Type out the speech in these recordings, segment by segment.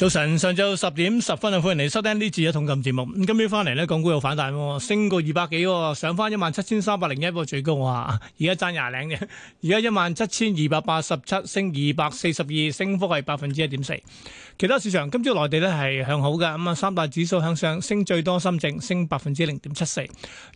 早晨，上晝十點十分啊，歡迎嚟收聽呢次嘅一桶金節目。咁今朝翻嚟呢，港股又反彈喎，升過二百幾喎，上翻一萬七千三百零一個最高啊！而家爭廿零嘅，而家一萬七千二百八十七，17, 7, 升二百四十二，升幅係百分之一點四。其他市場，今朝內地呢係向好嘅，咁啊三大指數向上，升最多深證升百分之零點七四，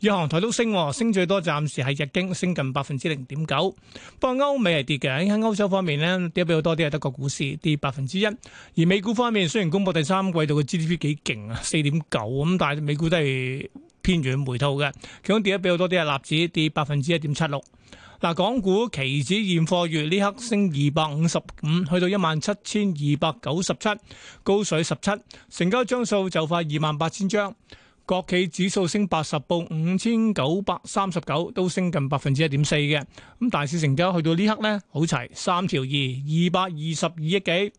日韓台都升，升最多暫時係日經升近百分之零點九。不過歐美係跌嘅，喺歐洲方面呢，跌比較多啲係德國股市跌百分之一，而美股方面。雖然公布第三季度嘅 GDP 幾勁啊，四點九咁，但係美股都係偏軟回吐嘅。其中跌得比較多啲係納指跌百分之一點七六。嗱，港股期指現貨月呢刻升二百五十五，去到一萬七千二百九十七，高水十七，成交張數就快二萬八千張。國企指數升八十，報五千九百三十九，都升近百分之一點四嘅。咁大市成交去到呢刻呢，好齊，三條二，二百二十二億幾。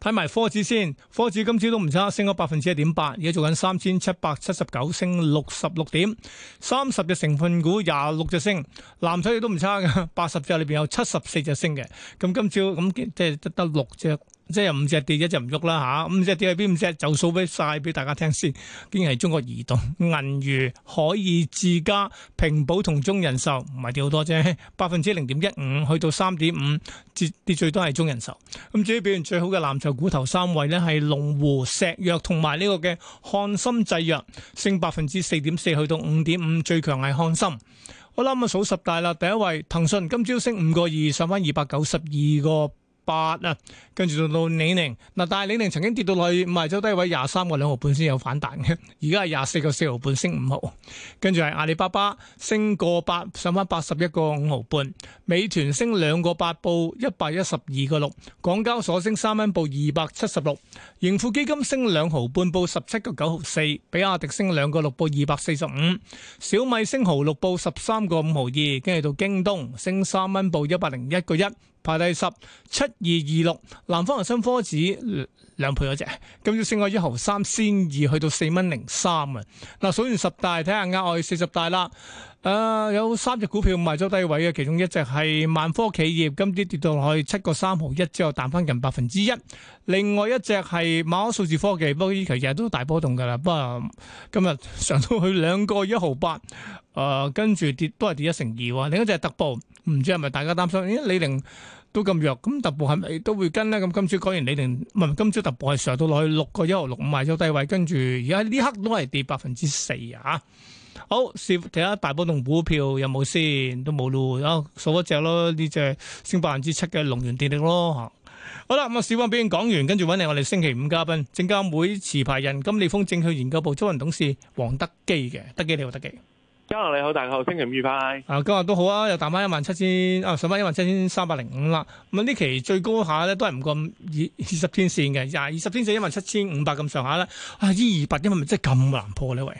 睇埋科指先，科指今朝都唔差，升咗百分之一點八，而家做緊三千七百七十九，升六十六點，三十隻成分股廿六隻升，藍籌亦都唔差㗎，八十隻裏邊有七十四隻升嘅，咁今朝咁即係得六隻。即係五隻跌，一隻唔喐啦，嚇五隻即係跌喺邊五隻？就數俾曬俾大家聽先。竟然係中國移動、銀娛、海爾智家、平保同中人壽，唔係掉好多啫，百分之零點一五去到三點五。跌最多係中人壽。咁至於表現最好嘅藍籌股頭三位呢，係龍湖、石藥同埋呢個嘅漢森製藥，升百分之四點四去到五點五。最強係漢森。好啦，咁數十大啦。第一位騰訊，今朝升五個二，上翻二百九十二個。八啊，跟住到到李寧嗱，但李寧曾經跌到落去五日走低位廿三個兩毫半先有反彈嘅，而家係廿四個四毫半升五毫，跟住係阿里巴巴升個八上返八十一個五毫半，美團升兩個八報一百一十二個六，港交所升三蚊報二百七十六，盈富基金升兩毫半報十七個九毫四，比亞迪升兩個六報二百四十五，小米升毫六報十三個五毫二，跟住到京東升三蚊報一百零一個一。排第十，七二二六南方恒生科指兩倍嗰隻，今朝升過一毫三，先二去到四蚊零三啊！嗱，數完十大，睇下額外四十大啦。誒、呃，有三隻股票賣咗低位嘅，其中一隻係萬科企業，今朝跌到落去七個三毫一之後，彈翻近百分之一。另外一隻係馬可數字科技，不過依期日都大波動噶啦。不過今日上到去兩個一毫八，誒、呃，跟住跌都係跌一成二。另一隻係特步。唔知係咪大家擔心？咦、哎，李寧都咁弱，咁特步係咪都會跟呢？咁今朝講完李寧，唔係今朝特步係上到落去六個一毫六五，賣咗低位，跟住而家呢刻都係跌百分之四啊！好，睇下大波動股票有冇先，都冇咯、哦，數一隻咯，呢隻升百分之七嘅龍源電力咯。好啦，咁啊，小班表講完，跟住揾嚟我哋星期五嘉賓，證監會持牌人金利豐證券研究部執行董事黃德基嘅，德基你好，德基。今日你好，大扣，星期五愉快、啊啊。啊，今日都好啊，又彈翻一萬七千，啊，上翻一萬七千三百零五啦。咁呢期最高下咧都係唔過二二十天線嘅廿二十天線一萬七千五百咁上下啦。啊，呢二百點咪真係咁難破呢？喂，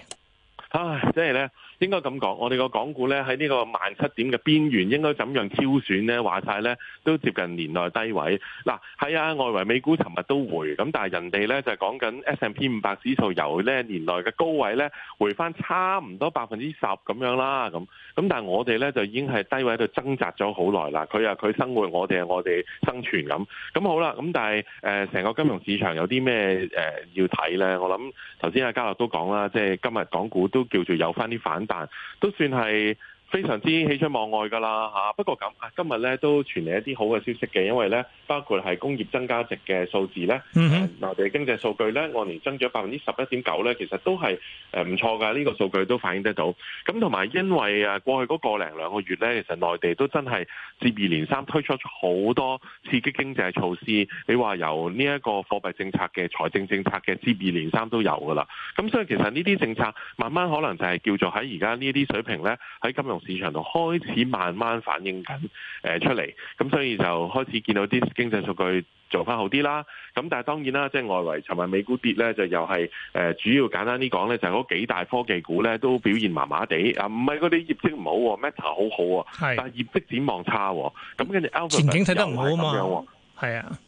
唉、啊，真係咧。應該咁講，我哋個港股咧喺呢個萬七點嘅邊緣，應該怎樣挑選咧？話晒咧都接近年內低位。嗱、嗯，係啊，外圍美股尋日都回，咁但係人哋咧就係講緊 S&P 五百指數由咧年內嘅高位咧回翻差唔多百分之十咁樣啦，咁、嗯。咁但係我哋咧就已經係低位喺度掙扎咗好耐啦，佢啊佢生活，我哋啊我哋生存咁，咁好啦，咁但係成個金融市場有啲咩要睇咧？我諗頭先阿嘉樂都講啦，即係今日港股都叫做有翻啲反彈，都算係。非常之喜出望外噶啦嚇，不過咁今日咧都傳嚟一啲好嘅消息嘅，因為咧包括係工業增加值嘅數字咧，內、mm hmm. 呃、地經濟數據咧按年增長百分之十一點九咧，其實都係唔錯㗎。呢、這個數據都反映得到。咁同埋因為啊過去嗰個零兩個月咧，其實內地都真係接二連三推出好多刺激經濟措施。你話由呢一個貨幣政策嘅、財政政策嘅接二連三都有噶啦。咁所以其實呢啲政策慢慢可能就係叫做喺而家呢啲水平咧，喺金融。市場度開始慢慢反映緊，出嚟，咁所以就開始見到啲經濟數據做翻好啲啦。咁但係當然啦，即係外圍尋日美股跌咧，就又係、呃、主要簡單啲講咧，就嗰、是、幾大科技股咧都表現麻麻地啊，唔係嗰啲業績唔好，Meta 好好喎，是但係業績展望差，咁跟住前景睇得唔又 好嘛，係啊。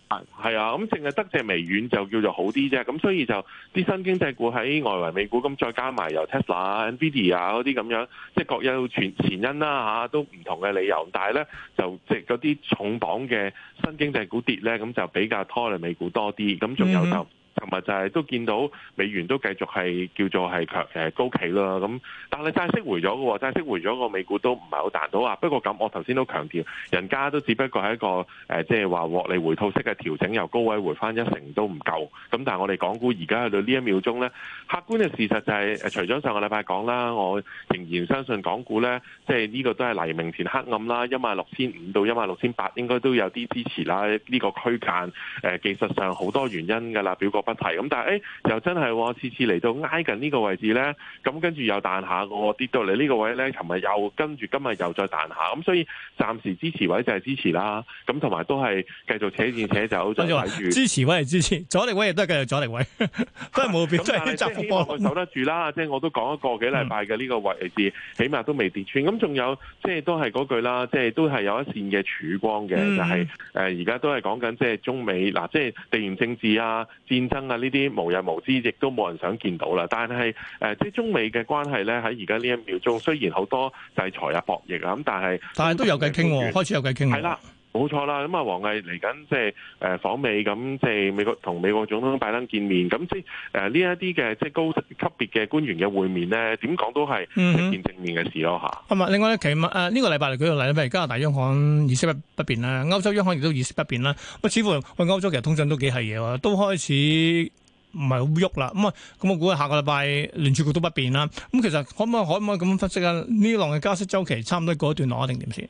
係啊，咁淨係得隻微軟就叫做好啲啫，咁所以就啲新經濟股喺外圍美股咁再加埋由 Tesla、Nvidia 嗰啲咁樣，即係各有全前因啦吓，都唔同嘅理由。但係咧就即係嗰啲重磅嘅新經濟股跌咧，咁就比較拖累美股多啲。咁仲有就。嗯琴日就係都見到美元都繼續係叫做係強誒高企啦，咁但係債息回咗嘅喎，債息回咗個美股都唔係好彈到啊。不過咁，我頭先都強調，人家都只不過係一個即係話獲利回吐式嘅調整，由高位回翻一成都唔夠。咁但係我哋港股而家去到呢一秒鐘咧，客觀嘅事實就係、是，誒除咗上個禮拜講啦，我仍然相信港股咧，即係呢個都係黎明前黑暗啦。一萬六千五到一萬六千八應該都有啲支持啦，呢、這個區間誒技術上好多原因㗎啦，表哥。不提咁，但係誒、欸、又真係次次嚟到挨近呢個位置咧，咁跟住又彈下，我跌到嚟呢個位咧。琴日又跟住今日又再彈下，咁所以暫時支持位就係支持啦。咁同埋都係繼續扯住扯走，都睇住支持位係支持，阻力位亦都係繼續阻力位， 都係冇變。咁但係即係希望我守得住啦。即係 我都講一個幾禮拜嘅呢個位置，起碼都未跌穿。咁仲有即係都係嗰句啦，即係都係有一線嘅曙光嘅，就係誒而家都係講緊即係中美嗱，即、呃、係、就係、地緣政治啊戰。啊！呢啲無日無之，亦都冇人想見到啦。但係、呃、即係中美嘅關係咧，喺而家呢一秒鐘，雖然好多制裁啊、博弈啊咁，但係但係都有偈傾喎，開始有偈傾啦。冇錯啦，咁啊，王毅嚟緊即係誒訪美，咁即係美國同美國總統拜登見面，咁即係誒呢一啲嘅即係高級別嘅官員嘅會面咧，點講都係一件正面嘅事咯嚇。咁啊、嗯，另外咧，其實呢個禮拜嚟舉個例啦，譬如加拿大央行議息不不變啦，歐洲央行亦都議息不變啦，咁似乎去歐洲其實通脹都幾係嘢喎，都開始唔係好喐啦，咁啊，咁我估下個禮拜聯儲局都不變啦，咁其實可唔可可唔可以咁分析啊？呢浪嘅加息周期差唔多過一段落一定點先？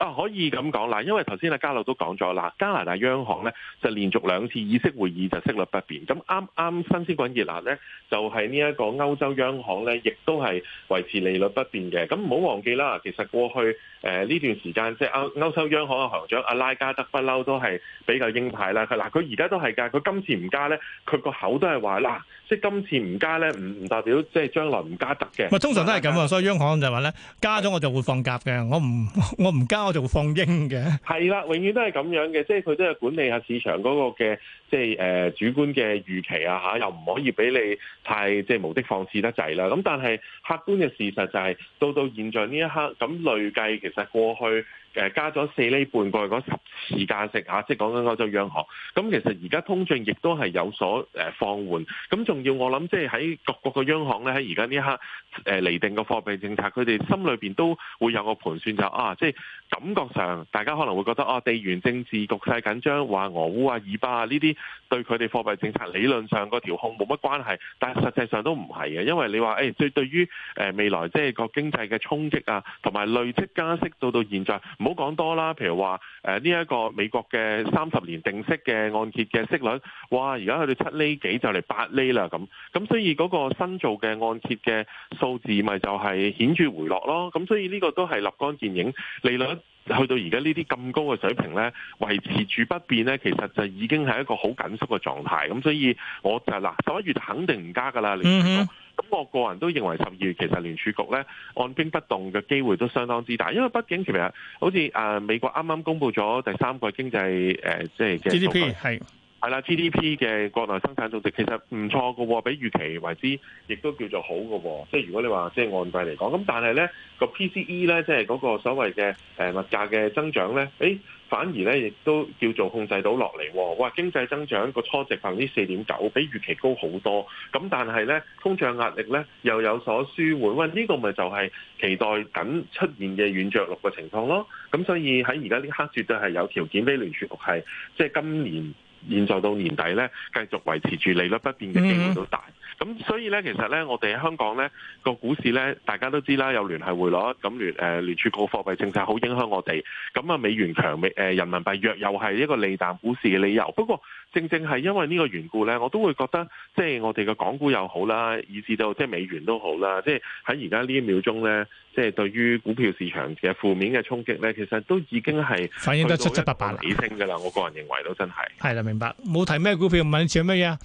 啊，可以咁講啦，因為頭先啊，嘉樂都講咗啦，加拿大央行咧就連續兩次議息會議就息率不變，咁啱啱新鮮滾熱辣咧，就係呢一個歐洲央行咧，亦都係維持利率不變嘅，咁唔好忘記啦，其實過去。誒呢段時間即係歐歐洲央行嘅行長阿拉加德不嬲都係比較鷹派啦。佢嗱佢而家都係㗎，佢今次唔加咧，佢個口都係話啦，即係今次唔加咧，唔唔代表即係將來唔加得嘅。通常都係咁啊，所以央行就話咧，加咗我就會放鴿嘅，我唔我唔加我就會放鷹嘅。係啦，永遠都係咁樣嘅，即係佢都係管理下市場嗰個嘅即係誒、呃、主觀嘅預期啊嚇，又唔可以俾你太即係無的放矢得滯啦。咁但係客觀嘅事實就係、是、到到現在呢一刻，咁累計其實過去。誒加咗四厘半，過去嗰十次加息，啊。即係講緊歐洲央行。咁、嗯、其實而家通脹亦都係有所放緩。咁、嗯、仲要我諗，即係喺各國嘅央行咧，喺而家呢一刻誒嚟、呃、定個貨幣政策，佢哋心裏面都會有個盤算，就啊，即係感覺上大家可能會覺得啊，地緣政治局勢緊張，話俄烏啊、以巴啊呢啲對佢哋貨幣政策理論上個調控冇乜關係，但係實際上都唔係嘅，因為你話誒、哎，對對於誒未來即係個經濟嘅衝擊啊，同埋累積加息到到現在。唔好講多啦，譬如話誒呢一個美國嘅三十年定息嘅按揭嘅息率，哇！而家去到七厘幾就嚟八厘啦咁，咁所以嗰個新造嘅按揭嘅數字咪就係顯著回落咯。咁所以呢個都係立竿見影，利率去到而家呢啲咁高嘅水平咧，維持住不變咧，其實就已經係一個好緊縮嘅狀態。咁所以我就嗱十一月肯定唔加㗎啦。你咁我個人都認為十二月其實聯儲局咧按兵不動嘅機會都相當之大，因為畢竟其實好似誒美國啱啱公布咗第三季經濟誒即係 GDP 係。係啦，GDP 嘅國內生產總值其實唔錯嘅喎，比預期為之，亦都叫做好嘅喎。即係如果你話即係按季嚟講，咁但係咧個 PCE 咧，即係嗰個所謂嘅誒物價嘅增長咧，誒、哎、反而咧亦都叫做控制到落嚟。哇，經濟增長個初值百分之四點九，比預期高好多。咁但係咧通脹壓力咧又有所舒緩。喂，呢個咪就係期待緊出現嘅軟着陸嘅情況咯。咁所以喺而家呢刻絕對係有條件俾聯儲局係即係今年。現在到年底咧，繼續維持住利率不變嘅機會都大。Mm. 咁、嗯、所以咧，其實咧，我哋喺香港咧個股市咧，大家都知啦，有聯繫匯率，咁聯誒、呃、聯儲局貨幣政策好影響我哋。咁、嗯、啊，美元強，美、呃、人民幣弱，又係一個利淡股市嘅理由。不過，正正係因為呢個緣故咧，我都會覺得即係我哋嘅港股又好啦，以至到即係美元都好啦。即係喺而家呢一秒鐘咧，即係對於股票市場嘅負面嘅衝擊咧，其實都已經係反映得七七八八，理性㗎啦。我個人認為都真係係啦，明白冇提咩股票，唔問似乜嘢？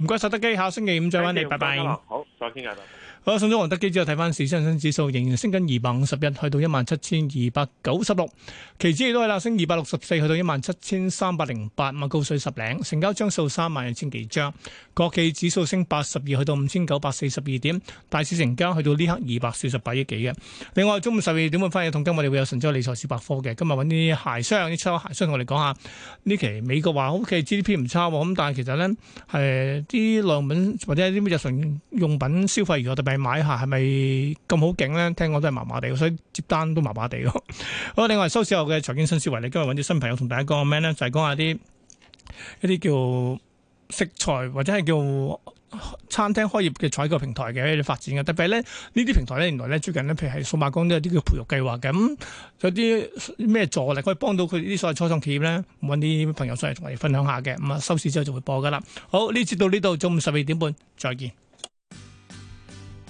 唔該，晒得機，下星期五再揾你，拜拜。好，再傾，阿好，上咗王德基之後睇翻市，滬深指數仍然升緊二百五十一，去到一萬七千二百九十六，期指亦都係啦，升二百六十四，去到一萬七千三百零八，咪高水十零，成交張數三萬二千幾張，國企指數升八十二，去到五千九百四十二點，大市成交去到呢刻二百四十八億幾嘅。另外中午十二點會翻嘢一桶金，我哋會有神州理財市百科嘅，今日搵啲鞋商啲鞋商同我哋講下呢期美國話好嘅 GDP 唔差，咁但係其實咧係啲量品或者啲咩日常用品消費如果特買下係咪咁好勁咧？聽講都係麻麻地，所以接單都麻麻地咯。好，另外收市後嘅財經新思維，你今日揾啲新朋友同大家講個咩咧？就係講下啲一啲叫食材或者係叫餐廳開業嘅採購平台嘅發展嘅，特別咧呢啲平台咧，原來咧最近咧，譬如係數碼港都有啲叫培育計劃嘅，咁、嗯、有啲咩助力可以幫到佢啲所謂初創企業咧？揾啲朋友上嚟同我哋分享下嘅。咁啊，收市之後就會播噶啦。好，呢節到呢度，中午十二點半再見。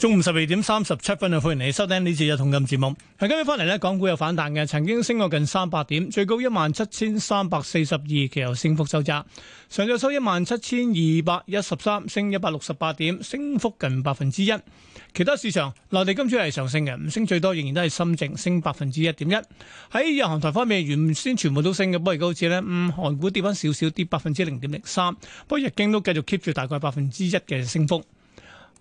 中午十二點三十七分嘅歡迎你收聽呢次嘅《一桶金節目》。係今日翻嚟咧，港股有反彈嘅，曾經升過近三百點，最高一萬七千三百四十二，其後升幅收窄，上晝收一萬七千二百一十三，升一百六十八點，升幅近百分之一。其他市場，內地今朝係上升嘅，唔升最多仍然都係深證升百分之一點一。喺日韓台方面，原先全部都升嘅，不過而家好似咧，嗯，韓股跌翻少少，跌百分之零點零三，不過日經都繼續 keep 住大概百分之一嘅升幅。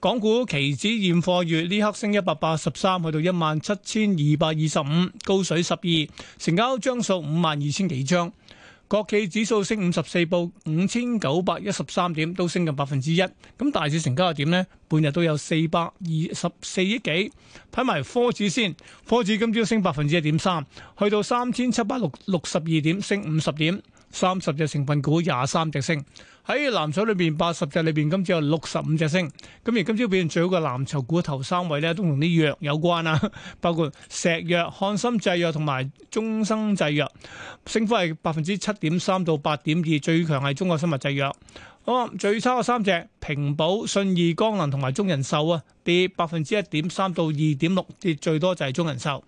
港股期指現貨月呢刻升一百八十三，去到一萬七千二百二十五，高水十二，成交張數五萬二千幾張。國企指數升五十四報五千九百一十三點，都升近百分之一。咁大市成交又點呢？半日都有四百二十四億幾。睇埋科指先，科指今朝升百分之一點三，去到三千七百六六十二點，升五十點。三十隻成分股，廿三隻升。喺藍籌裏邊，八十隻裏邊，今朝有六十五隻升。咁而今朝表現最好嘅藍籌股頭三位咧，都同啲藥有關啊，包括石藥、漢森製藥同埋中生製藥，升幅係百分之七點三到八點二，最強係中國生物製藥。咁最差嘅三隻，平保、信義光能同埋中人壽啊，跌百分之一點三到二點六，跌最多就係中人壽。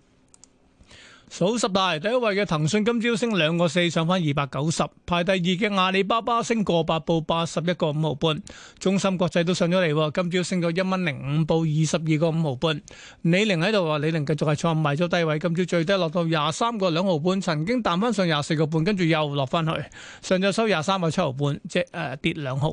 數十大第一位嘅騰訊今朝升兩個四，上翻二百九十。排第二嘅阿里巴巴升過八，報八十一個五毫半。中芯國際都上咗嚟，今朝升咗一蚊零五，報二十二個五毫半。李寧喺度話，李寧繼續係創埋咗低位，今朝最低落到廿三個兩毫半，曾經彈翻上廿四個半，跟住又落翻去。上日收廿三個七毫半，即誒跌兩毫。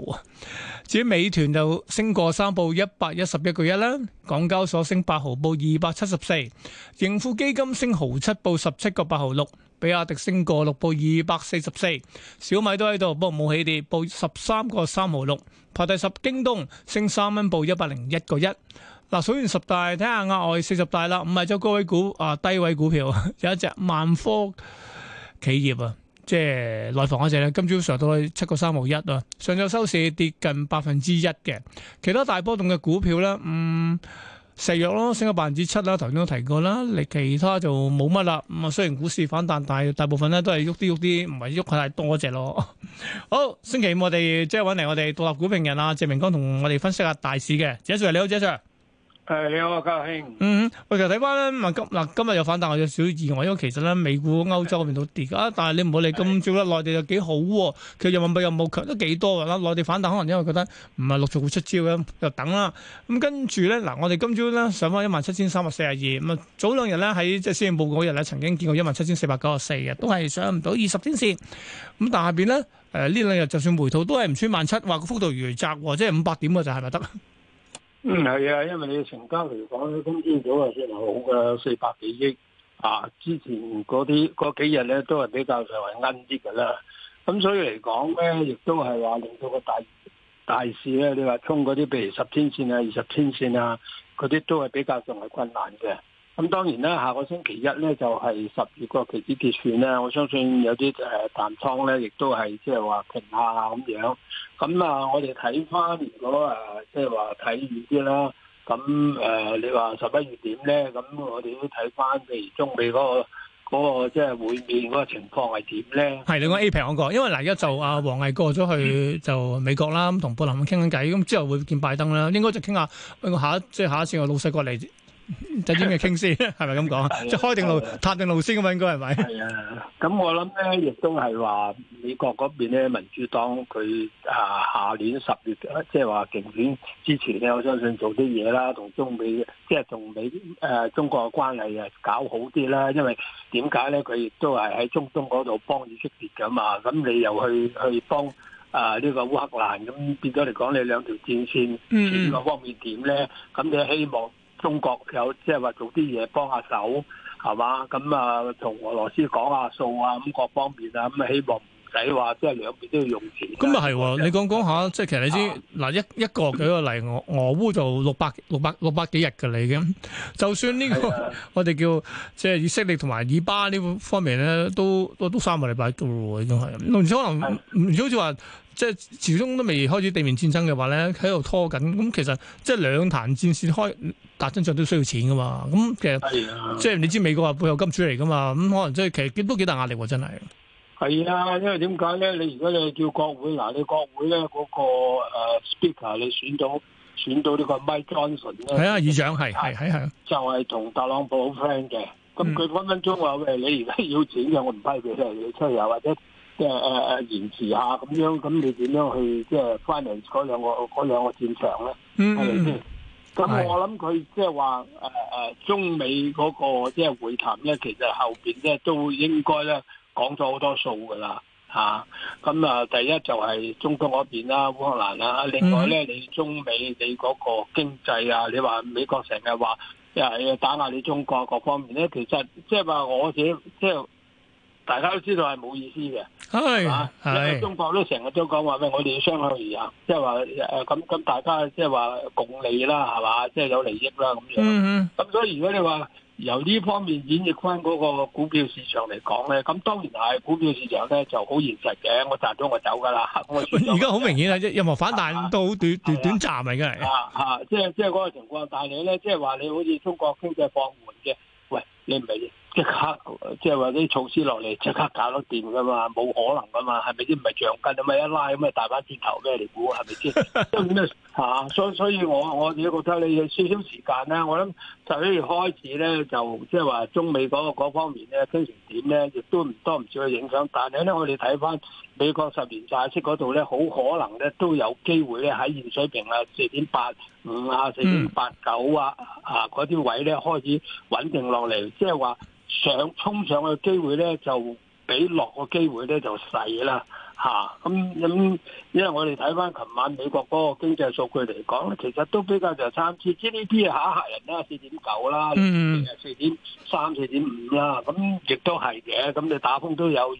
至於美團就升過三，報一百一十一個一啦。港交所升八毫，報二百七十四。盈富基金升毫七。報十七個八毫六，86, 比亞迪升個六，報二百四十四，小米都喺度，不過冇起跌，報十三個三毫六，排第十。京東升三蚊，報一百零一個一。嗱，數完十大，睇下額外四十大啦，唔係就高位股啊，低位股票有一隻萬科企業啊，即係內房嗰隻咧，今朝上到去七個三毫一啊，上晝收市跌近百分之一嘅。其他大波動嘅股票咧，嗯。石藥咯，升咗百分之七啦，頭先都提過啦。你其他就冇乜啦。咁啊，雖然股市反彈，但係大部分咧都係喐啲喐啲，唔係喐太多隻咯。好，星期五我哋即係揾嚟我哋獨立股評人啊謝明光同我哋分析下大市嘅，謝 Sir 你好，謝 Sir。係你好啊，家兄、嗯。嗯嗯，喂，其實睇翻啦。咁嗱今日有反彈，有少少意外，因為其實咧美股、歐洲嗰邊都跌啊。但係你唔好理咁，今朝咧內地又幾好喎。其實人民幣又冇強得幾多㗎啦。內地反彈可能因為覺得唔係陸續會出招咁，又等啦。咁跟住咧，嗱我哋今朝咧上翻一萬七千三百四十二咁啊。早兩日咧喺即係先報嗰日咧曾經見過一萬七千四百九十四嘅，都係上唔到二十天線。咁但係下邊咧誒呢兩日、呃、就算回吐都係唔穿萬七，話個幅度如窄喎，即係五百點㗎就係咪得？是嗯，係啊，因為你嘅成交嚟講咧，今天早啊算好嘅，四百幾億啊，之前嗰啲嗰幾日咧都係比較上係奀啲噶啦，咁所以嚟講咧，亦都係話令到個大大市咧，你話衝嗰啲，譬如十天線啊、二十天線啊，嗰啲都係比較上係困難嘅。咁當然啦，下個星期一咧就係、是、十月個期指結算啦。我相信有啲誒、呃、淡倉咧，亦都係即係話平下咁樣。咁啊，我哋睇翻如果誒即係話睇遠啲啦，咁、就、誒、是呃、你話十一月點咧？咁我哋都睇翻譬如中美嗰、那個嗰、那個即係、就是、會面嗰個情況係點咧？係你講 A 平嗰個，因為嗱而家就阿王毅過咗去就美國啦，咁同布林去傾緊偈，咁之後會見拜登啦，應該就傾下喂，我下一，即係下一次我老細過嚟。就先咪傾先，係咪咁講？即係、 啊啊啊、開定路，探定路先咁問過，係咪？係啊，咁、啊啊、我諗咧，亦都係話美國嗰邊咧，民主黨佢啊下年十月，即係話競選之前咧，我相信做啲嘢啦，同中美，即係同美誒、啊、中國嘅關係啊，搞好啲啦。因為點解咧？佢亦都係喺中東嗰度幫以色列噶嘛。咁你又去去幫啊呢、這個烏克蘭，咁變咗嚟講，你兩條戰線呢個方面點咧？咁你希望？中國有即係話做啲嘢幫下手係嘛？咁啊，同俄羅斯講下數啊，咁，各方面啊咁希望。你話即係兩邊都要用錢，咁啊係，你講講下，即係其實你知嗱、啊、一一,一個舉個例，俄俄烏就六百六百六百幾日噶啦已經，就算呢、這個、啊、我哋叫即係、就是、以色列同埋以巴呢個方面咧，都都都三個禮拜噶喎已經係，而且可能如果好似話即係始終都未開始地面戰爭嘅話咧，喺度拖緊，咁其實即係兩彈戰線開打，真相都需要錢噶嘛，咁其實、啊、即係你知美國話背後金主嚟噶嘛，咁可能即係其實都幾大壓力真係。係啊，因為點解咧？你如果你叫國會嗱，你國會咧嗰個 speaker，你選到選到呢個 Mike Johnson 咧，係啊，議長係係係係，就係同特朗普好 friend 嘅，咁佢分分鐘話：嗯、喂，你而家要錢嘅，我唔批俾你，你出去又或者即係誒誒延遲一下咁樣，咁你點樣去即係 finance 嗰兩個嗰兩個戰場咧？係咪先？咁我諗佢即係話誒誒中美嗰個即係會談咧，其實後邊咧都應該咧。講咗好多數噶啦，吓、啊、咁啊！第一就係中東嗰邊啦，烏克蘭啦，另外咧你中美你嗰個經濟啊，你話美國成日話又係要打壓你中國，各方面咧，其實即係話我自己即係、就是、大家都知道係冇意思嘅，係嘛，中國都成日都講話咩，我哋要相向而行，即係話誒咁咁大家即係話共利啦，係嘛，即、就、係、是、有利益啦咁樣，咁是所以如果你話。由呢方面演繹翻嗰個股票市場嚟講呢，咁當然係股票市場呢就好現實嘅，我賺咗，我走㗎啦。而家好明顯啦，任何反彈都好短、啊、短短暫嚟嘅。啊啊，即係即係嗰個情況，但係呢，即係話你好似中國經濟放緩嘅，喂，你唔係。刻即刻即係話啲措施落嚟，即刻搞到掂噶嘛，冇可能噶嘛，係咪先？唔係橡筋啊，咪一拉咁咪大把轉頭咩？你估係咪先？所以咩吓？所所以我，我我自己覺得你少少時間咧，我諗就可以開始咧，就即係話中美嗰、嗰個方面咧，非常點咧，亦都唔多唔少嘅影響。但係咧，我哋睇翻。美國十年債息嗰度咧，好可能咧都有機會咧喺現水平啊，四點八五啊，四點八九啊，啊嗰啲位咧開始穩定落嚟，即係話上沖上嘅機會咧就比落個機會咧就細啦嚇。咁、啊、咁，因為我哋睇翻琴晚美國嗰個經濟數據嚟講咧，其實都比較就參差。即係呢啲下客人啦，四點九啦，四點三四點五啦，咁亦都係嘅。咁你打風都有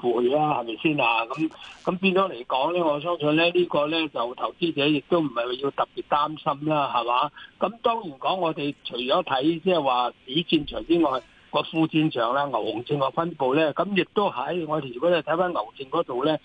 回啦，係咪先啊？咁咁變咗嚟講咧，我相信咧呢個咧就投資者亦都唔係話要特別擔心啦，係嘛？咁當然講，我哋除咗睇即係話主戰場之外，個副戰場啦、牛熊證嘅分布咧，咁亦都喺我哋如果咧睇翻牛證嗰度咧，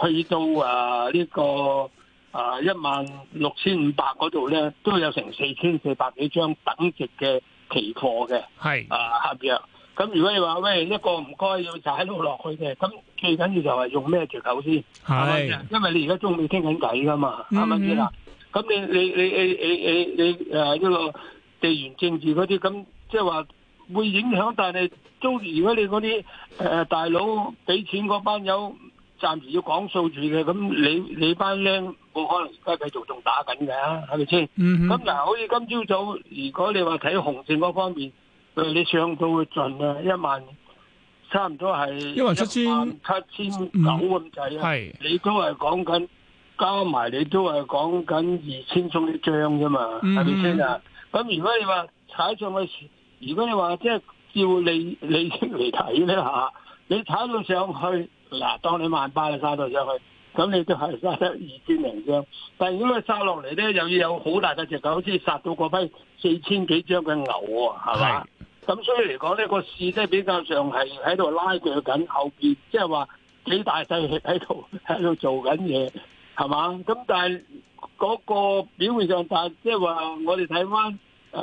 去到啊呢個啊一萬六千五百嗰度咧，都有成四千四百幾張等值嘅期貨嘅係啊合約。咁如果你話喂一個唔該要踩到落去嘅，咁最緊要就係用咩借口先？係是，因為你而家仲未傾緊偈噶嘛，係咪先啊？咁你你你你你你你誒呢個地緣政治嗰啲，咁即係話會影響，但係都如果你嗰啲誒大佬俾錢嗰班友，暫時要講數字嘅，咁你你班僆冇可能而家繼續仲打緊嘅、啊，係咪先？咁嗱、嗯哼，好似今朝早，早，如果你話睇紅線嗰方面。誒，你上到去盡啊，一萬差唔多係因為一萬七千九咁滯啊！嗯、你都係講緊交埋，你都係講緊二千送啲張啫嘛，係咪先啊？咁如果你話踩上去，如果你話即係要理理清嚟睇咧吓，你踩到上去嗱，當你萬八你踩到上去。咁你都係殺得二千零張，但係如果佢殺落嚟咧，又要有好大嘅隻狗，好似殺到嗰批四千幾張嘅牛喎，哦，係嘛？咁的所以嚟講呢，那個即係比較上係喺度拉鋸緊，後面，即係話幾大勢喺度喺度做緊嘢，係嘛？咁但係嗰個表面上，但即係話我哋睇翻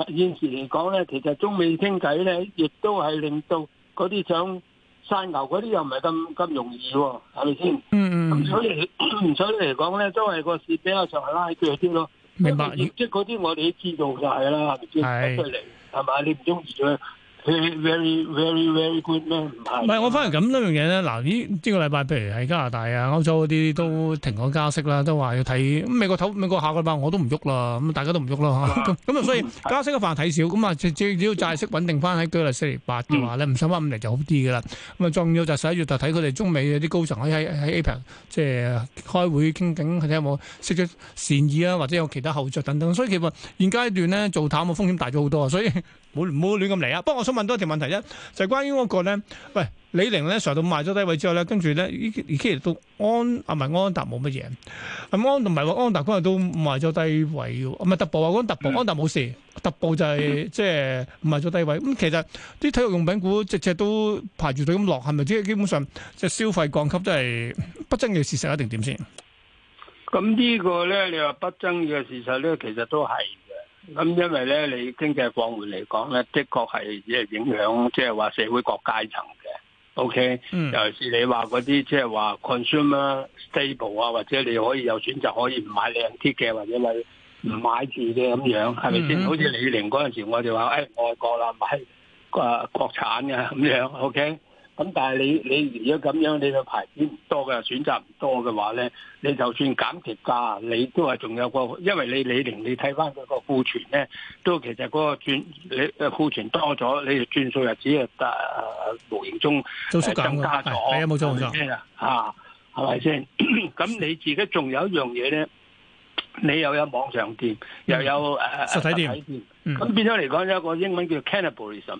現時嚟講咧，其實中美傾偈咧，亦都係令到嗰啲想。晒牛嗰啲又唔係咁咁容易喎，係咪、嗯嗯、先？嗯嗯，咁所以所以嚟講咧，都係個市比較上係拉住啲咯。明白，即係嗰啲我哋都知道就係啦，係咪先？是出嚟係嘛？你唔中意咗。唔係，我反而咁多樣嘢咧。嗱，依呢個禮拜，譬如喺加拿大啊、歐洲嗰啲都停咗加息啦，都話要睇美國頭美國下個禮拜我都唔喐啦，咁大家都唔喐啦。咁啊，所以加息嘅範圍睇少，咁啊、嗯，只要債息穩定翻喺幾啊四釐八嘅話咧，唔收翻五釐就好啲噶啦。咁啊、嗯，仲要就十一月就睇佢哋中美嘅啲高層可以喺喺 APEC 即係開會傾緊，睇下有冇釋出善意啊，或者有其他後著等等。所以其實現階段咧做淡嘅風險大咗好多啊，所以冇冇亂咁嚟啊！不過問多一條問題一就係、是、關於嗰、那個咧，喂李寧咧上到賣咗低位之後咧，跟住咧依依都安啊唔係安踏冇乜嘢，咁安同埋安踏嗰個都賣咗低位嘅，唔係特步啊，特步安踏冇事，特步就係即係賣咗低位。咁、啊嗯就是、其實啲體育用品股直隻都排住隊咁落，係咪即係基本上即係消費降級即係不爭嘅事實一定點先？咁呢個咧，你話不爭嘅事實咧，其實都係。咁因為咧，你經濟放緩嚟講咧，的確係只係影響，即係話社會各階層嘅。O、okay? K，、mm. 尤其是你話嗰啲即係、就、話、是、consumer stable 啊，或者你可以有選擇，可以唔買靚啲嘅，或者咪唔買住嘅咁樣，係咪先？Mm hmm. 好似李寧嗰陣時我說、哎，我哋話誒，外國啦買誒、啊、國產嘅、啊、咁樣。O K。咁但係你你如果咁樣，你個牌子唔多嘅選擇唔多嘅話呢，你就算減價，你都係仲有個，因為你李寧你睇返佢個庫存呢，都其實嗰個轉你庫存多咗，你嘅轉數日只係得啊，無形中，就、呃、縮、呃、減，係啊冇錯冇錯，嚇係咪先？咁、啊、錯 你自己仲有一樣嘢呢？你又有、有網上店、嗯、又有誒、啊、實體店，咁、嗯、變咗嚟講有一個英文叫 cannibalism。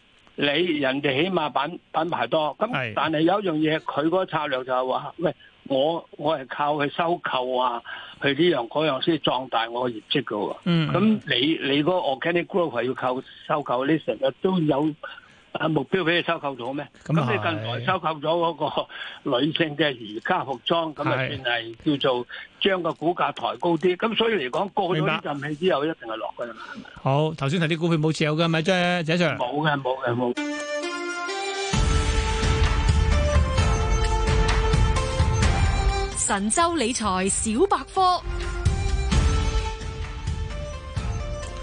你人哋起碼品品牌多，咁但係有一樣嘢，佢嗰個策略就係話：喂，我我係靠去收購啊，去呢樣嗰樣先壯大我嘅業績噶喎。咁你你嗰個 organic growth 係要靠收購，你成日都有。啊，目標俾佢收購咗咩？咁你近來收購咗嗰個女性嘅瑜伽服裝，咁啊算係叫做將個股價抬高啲。咁所以嚟講過咗呢陣氣之後一定係落噶啦。好，頭先提啲股票冇持有噶係咪即係，仔上冇嘅冇嘅冇。神州理財小百科，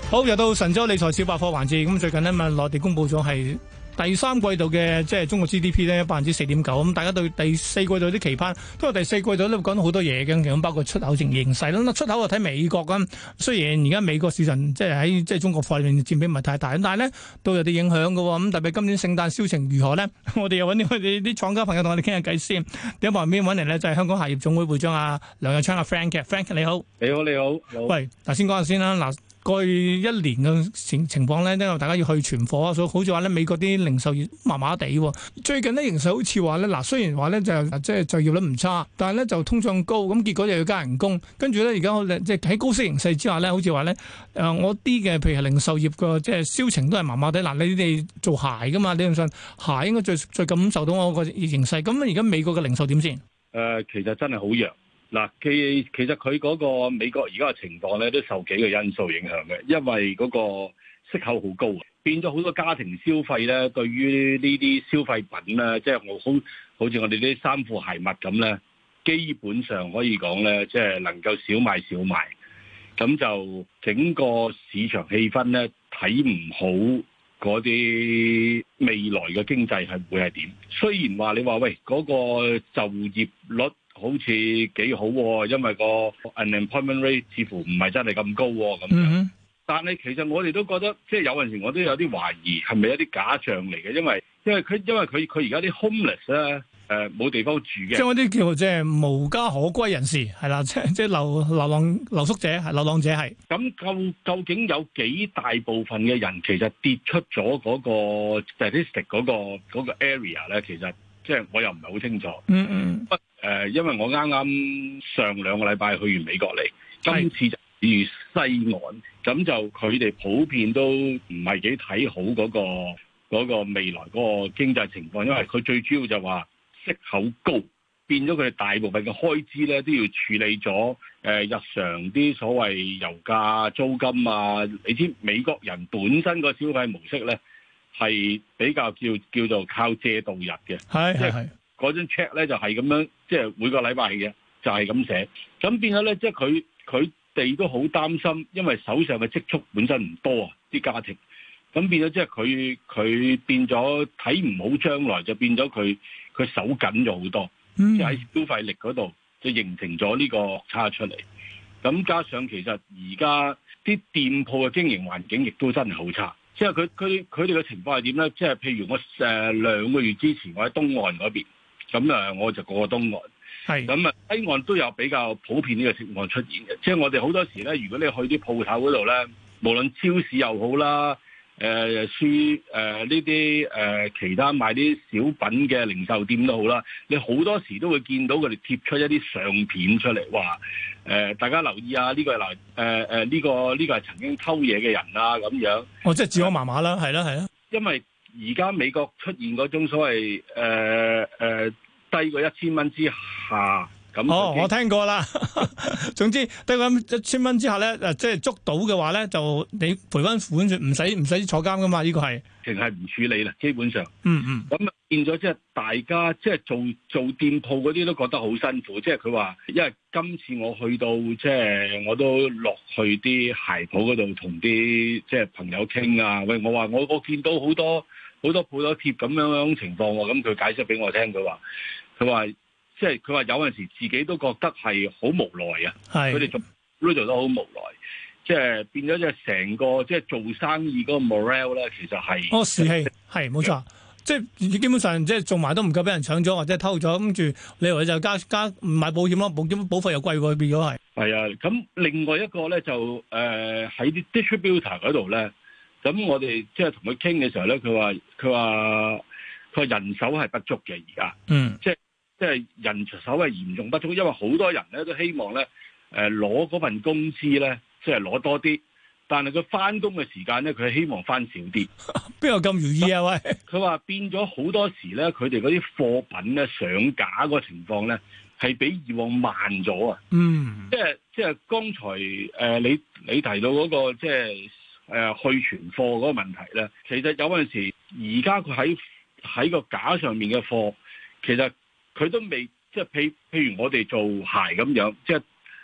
好，又到神州理財小百科環節。咁最近呢咪內地公布咗係。第三季度嘅即係中國 GDP 咧，百分之四點九。咁大家對第四季度啲期盼，都話第四季度都會講到好多嘢嘅。咁包括出口成形勢啦，出口啊睇美國咁。雖然而家美國市場即係喺即係中國貨裡面佔比唔係太大，但係咧都有啲影響嘅。咁特別今年聖誕銷情如何咧？我哋又搵啲我哋啲廠家朋友同我哋傾下偈先。點旁邊搵嚟咧就係、是、香港鞋業總會會長阿梁日昌阿、啊、Frank 嘅 Frank 你好，你好，你好你好。喂，嗱先講下先啦嗱。過去一年嘅情情況咧，因為大家要去存貨啊，所以好似話咧美國啲零售業麻麻地。最近呢，形勢好似話咧，嗱雖然話咧就即係就，就業率唔差，但係咧就通脹高，咁結果又要加人工。跟住咧而家即係喺高息形勢之下咧，好似話咧，誒我啲嘅譬如係零售業嘅即係銷情都係麻麻地。嗱你哋做鞋㗎嘛，你唔信鞋應該最最感受到我個形勢。咁而家美國嘅零售點先？誒、呃，其實真係好弱。嗱，其其實佢嗰個美國而家嘅情況咧，都受幾個因素影響嘅，因為嗰個息口好高，變咗好多家庭消費咧，對於呢啲消費品咧，即係我好，好似我哋啲衫褲鞋襪咁咧，基本上可以講咧，即係能夠少買少賣，咁就整個市場氣氛咧睇唔好嗰啲未來嘅經濟係會係點？雖然話你話喂，嗰個就業率，好似幾好、啊，因為個 unemployment rate 似乎唔係真係咁高咁、啊、樣。Mm hmm. 但係其實我哋都覺得，即係有陣時我都有啲懷疑，係咪一啲假象嚟嘅？因為即因為佢因為佢佢而家啲 homeless 咧，冇、呃、地方住嘅，即係嗰啲叫即係、即係、無家可歸人士係啦，即係即流流浪流宿者，流浪者係。咁究究竟有幾大部分嘅人其實跌出咗嗰個 statistic 嗰、嗰個嗰、嗰個、area 咧？其實即係我又唔係好清楚。嗯嗯、mm。Hmm. 誒，因為我啱啱上兩個禮拜去完美國嚟，今次就如西岸，咁就佢哋普遍都唔係幾睇好嗰個嗰個未來嗰個經濟情況，因為佢最主要就話息口高，變咗佢哋大部分嘅開支咧都要處理咗誒，日常啲所謂油價、租金啊，你知美國人本身個消費模式咧係比較叫叫做靠借度日嘅，係係是、就是。嗰張 check 咧就係咁樣，即係每個禮拜嘅，就係咁寫。咁變咗咧，即係佢佢哋都好擔心，因為手上嘅積蓄本身唔多啊，啲家庭。咁變咗即係佢佢變咗睇唔好將來，就變咗佢佢手緊咗好多，即係喺消費力嗰度就形成咗呢個差出嚟。咁加上其實而家啲店鋪嘅經營環境亦都真係好差。即係佢佢佢哋嘅情況係點咧？即係譬如我誒、啊、兩個月之前我喺東岸嗰邊。咁啊，我就過到東岸，咁啊是、嗯，西岸都有比較普遍呢個情況出現嘅。即係我哋好多時咧，如果你去啲鋪頭嗰度咧，無論超市又好啦，誒、呃、書誒呢啲誒其他賣啲小品嘅零售店都好啦，你好多時都會見到佢哋貼出一啲相片出嚟，話誒、呃、大家留意啊，呢、這個係呢、呃這個呢、這個係曾經偷嘢嘅人啦、啊、咁樣。哦，即、就、係、是、治安麻麻啦，係啦、嗯，係啦。因為而家美國出現嗰種所謂誒誒低過一千蚊之下。哦，我聽過啦。 總之，得個一千蚊之下咧，即係捉到嘅話咧，就你賠翻款，唔使唔使坐監噶嘛？呢、這個係，淨係唔處理啦，基本上。嗯嗯。咁變咗即係大家即係做做店鋪嗰啲都覺得好辛苦。即係佢話，因為今次我去到即係我都落去啲鞋鋪嗰度同啲即係朋友傾啊。喂，我話我我見到好多好多鋪頭貼咁樣樣情況喎、啊。咁佢解釋俾我聽，佢話佢話。即係佢話有陣時自己都覺得係好無奈啊，佢哋做呢度都好無奈，即係變咗即係成個即係做生意嗰個 morale 咧，其實係哦士氣係冇錯，即係基本上即係做埋都唔夠，俾人搶咗或者偷咗，跟住你話就加加買保險咯，保險保費又貴過，變咗係係啊，咁另外一個咧就誒喺啲 distributor 嗰度咧，咁我哋即係同佢傾嘅時候咧，佢話佢話佢話人手係不足嘅而家，嗯，即係。即係人手係嚴重不足，因為好多人咧都希望咧，誒攞嗰份工資咧，即係攞多啲，但係佢翻工嘅時間咧，佢希望翻少啲，邊、啊、有咁容易啊？喂！佢話變咗好多時咧，佢哋嗰啲貨品咧上架嗰個情況咧，係比以往慢咗啊！嗯，即係即係剛才誒、呃、你你提到嗰、嗰個即係誒去存貨嗰個問題咧，其實有陣時而家佢喺喺個架上面嘅貨，其實。佢都未即係，譬譬如我哋做鞋咁樣，即係誒、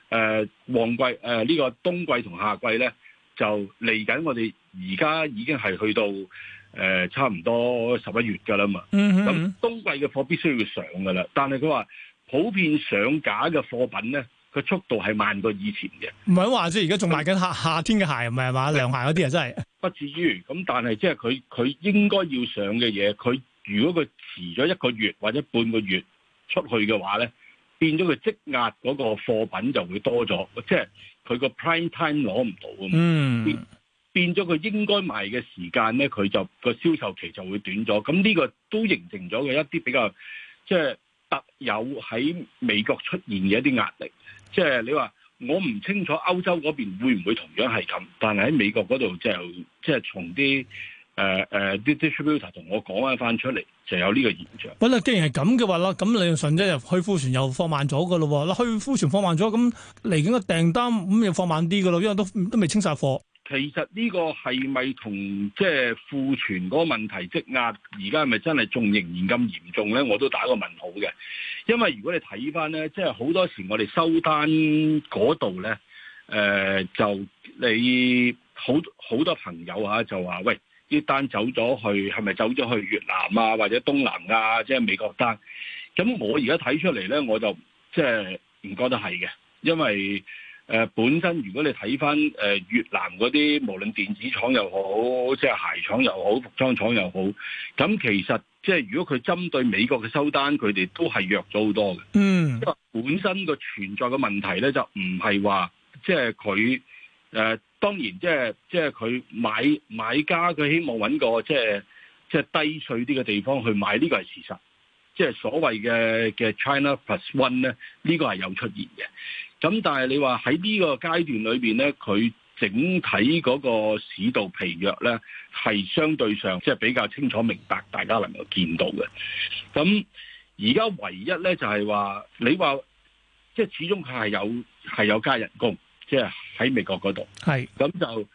呃、旺季誒呢、呃這個冬季同夏季咧，就嚟緊。我哋而家已經係去到誒、呃、差唔多十一月㗎啦嘛。咁、嗯嗯嗯、冬季嘅貨必須要上㗎啦。但係佢話普遍上架嘅貨品咧，佢速度係慢過以前嘅。唔係話即係而家仲賣緊夏夏天嘅鞋唔係嘛？涼鞋嗰啲啊，真係不至於。咁但係即係佢佢應該要上嘅嘢，佢如果佢遲咗一個月或者半個月。出去嘅話咧，變咗佢積壓嗰個貨品就會多咗，即係佢個 prime time 攞唔到啊！變變咗佢應該賣嘅時間咧，佢就個銷售期就會短咗。咁呢個都形成咗嘅一啲比較即係特有喺美國出現嘅一啲壓力。即係你話我唔清楚歐洲嗰邊會唔會同樣係咁，但係喺美國嗰度即係從啲。誒誒，啲 distributor 同我講翻翻出嚟，就有呢個現象。不啊，既然係咁嘅話啦，咁嚟順啫，去庫存又放慢咗噶咯。啦，去庫存放慢咗，咁嚟緊個訂單咁又放慢啲噶咯，因為都都未清晒貨。其實呢個係咪同即係庫存嗰個問題積壓，而家係咪真係仲仍然咁嚴重咧？我都打個問號嘅。因為如果你睇翻咧，即係好多時我哋收單嗰度咧，誒、呃，就你好好多朋友吓、啊、就話喂。啲單走咗去，係咪走咗去越南啊，或者東南亞，即係美國單？咁我而家睇出嚟咧，我就即係唔覺得係嘅，因為誒本身如果你睇翻誒越南嗰啲，無論電子廠又好，即係鞋廠又好，服裝廠又好，咁其實即係如果佢針對美國嘅收單，佢哋都係弱咗好多嘅。嗯，因為本身個存在嘅問題咧，就唔係話即係佢。誒、呃，當然即係即係佢買買家佢希望揾個即係即係低稅啲嘅地方去買這是，呢個係事實。即係所謂嘅嘅 China Plus One 咧，呢、這個係有出現嘅。咁但係你話喺呢個階段裏邊咧，佢整體嗰個市道疲弱咧，係相對上即係比較清楚明白，大家能夠見到嘅。咁而家唯一咧就係話，你話即係始終佢係有係有加人工。即係喺美國嗰度，係咁是就誒，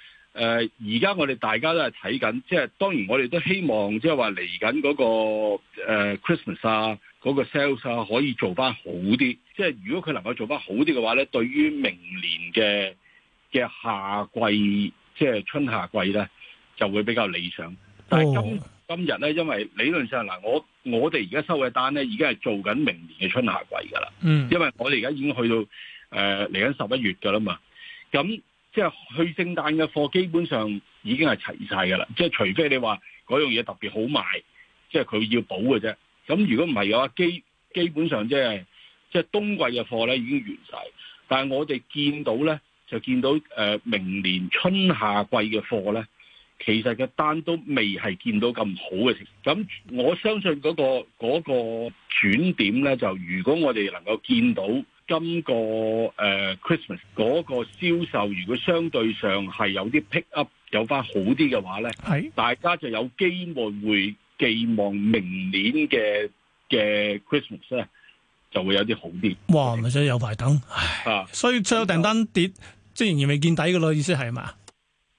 而家我哋大家都係睇緊，即係當然我哋都希望，即係話嚟緊嗰個誒 Christmas 啊，嗰個 sales 啊，可以做翻好啲。即係如果佢能夠做翻好啲嘅話咧，對於明年嘅嘅夏季，即係春夏季咧，就會比較理想。但係今、哦、今日咧，因為理論上嗱，我我哋而家收嘅單咧，已經係做緊明年嘅春夏季噶啦。嗯，因為我哋而家已經去到。誒，嚟緊十一月噶啦嘛，咁即係去聖誕嘅貨基本上已經係齊晒噶啦，即係除非你話嗰樣嘢特別好賣，即係佢要補嘅啫。咁如果唔係嘅話，基基本上即係即係冬季嘅貨咧已經完晒。但係我哋見到咧就見到誒明年春夏季嘅貨咧，其實嘅單都未係見到咁好嘅情況。咁我相信嗰個嗰個轉點咧，就如果我哋能夠見到。今個誒、呃、Christmas 嗰個銷售，如果相對上係有啲 pick up，有翻好啲嘅話咧，係是大家就有機會會寄望明年嘅嘅 Christmas 咧，就會有啲好啲。哇，咪真有排等啊！所以出口訂單，單跌，即仍然未見底嘅咯，意思係嘛？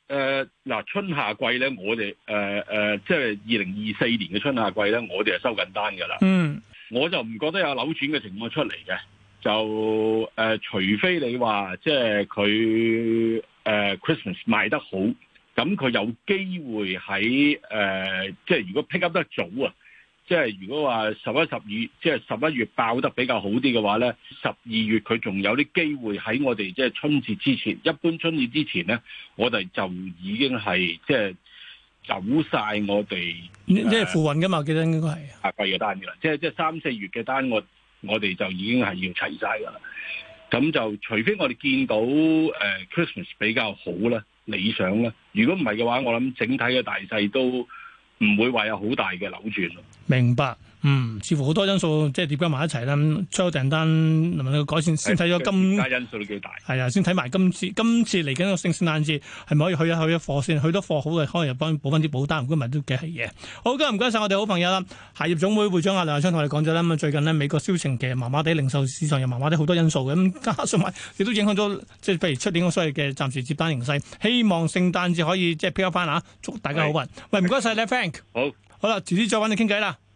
誒、呃，嗱、呃，春夏季咧，我哋誒誒，即係二零二四年嘅春夏季咧，我哋係收緊單噶啦。嗯，我就唔覺得有扭轉嘅情況出嚟嘅。就誒、呃，除非你話即係佢誒 Christmas 賣得好，咁佢有機會喺誒、呃，即係如果 pick up 得早啊，即係如果話十一、十二，即係十一月爆得比較好啲嘅話咧，十二月佢仲有啲機會喺我哋即係春節之前，一般春節之前咧，我哋就已經係即係走晒我哋即係付運噶嘛，記得應該係下季嘅單嘅啦，即係即係三四月嘅單我。我哋就已經係要齊晒噶啦，咁就除非我哋見到誒 Christmas 比較好咧，理想咧。如果唔係嘅話，我諗整體嘅大勢都唔會話有好大嘅扭轉咯。明白。嗯，似乎好多因素即係疊加埋一齊啦。出口訂單能唔能夠改善，先睇咗今因素都幾大。係啊，先睇埋今次今次嚟緊個聖誕節，係咪可以去一去一貨先？去多貨好嘅，可能又幫補翻啲保單，唔該，唔係都幾係嘢。好，今日唔該晒我哋好朋友啦，鞋業總會會長阿梁漢昌同你講咗啦。咁最近呢，美國銷情其實麻麻地，零售市場又麻麻地，好多，多因素咁，加上埋亦都影響咗，即係譬如出年所以嘅暫時接單形勢。希望聖誕節可以即係翻啊！祝大家好運。喂，唔該晒你，Frank。好。好啦，遲啲再揾你傾偈啦。